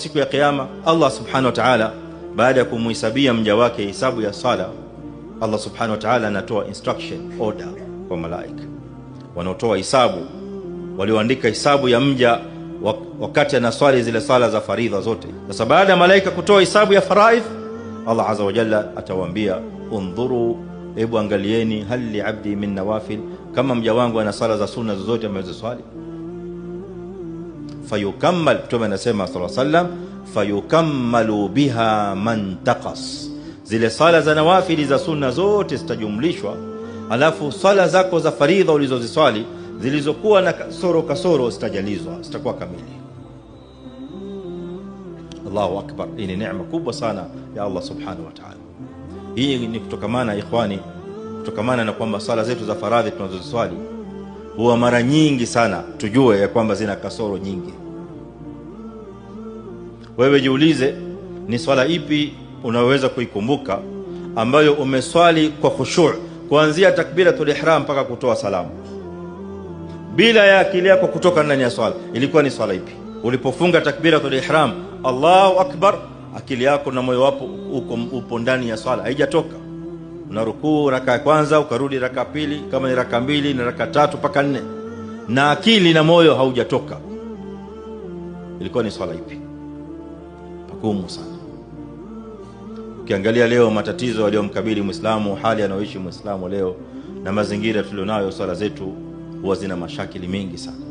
Siku ya Kiyama Allah subhanahu wa ta'ala, baada ya kumhesabia mja wake hisabu ya sala, Allah subhanahu wa ta'ala anatoa instruction order kwa malaika wanaotoa hisabu, walioandika hisabu ya mja wakati anaswali zile sala za faridha zote. Sasa baada ya malaika kutoa hisabu ya faraidh, Allah azza wa jalla atawaambia undhuru, hebu angalieni, hal abdi min nawafil, kama mja wangu ana sala za sunna zozote ambazo swali fayukammal. Mtume anasema sallallahu alayhi wasallam, fayukammalu biha man taqas. Zile sala za nawafili za sunna zote zitajumlishwa, alafu sala zako za faridha ulizoziswali zilizokuwa na kasoro kasoro zitajalizwa, zitakuwa kamili. Allahu akbar! Hii ni neema kubwa sana ya Allah subhanahu wa ta'ala. Hii ni kutokamana ikhwani, kutokamana na kwamba sala zetu za faradhi tunazoziswali huwa mara nyingi sana tujue ya kwamba zina kasoro nyingi. Wewe jiulize, ni swala ipi unaweza kuikumbuka ambayo umeswali kwa khushu' kuanzia takbiratul ihram mpaka kutoa salamu bila ya akili yako kutoka ndani ya swala? Ilikuwa ni swala ipi? Ulipofunga takbiratul ihram, Allahu akbar, akili yako na moyo wako uko upo ndani ya swala, haijatoka unarukuu raka ya kwanza ukarudi raka pili, kama ni raka mbili na raka tatu mpaka nne, na akili na moyo haujatoka, ilikuwa ni swala ipi? pakumu sana. Ukiangalia leo matatizo yaliyomkabili Mwislamu, hali anayoishi Mwislamu leo na mazingira tulionayo, swala zetu huwa zina mashakili mengi sana.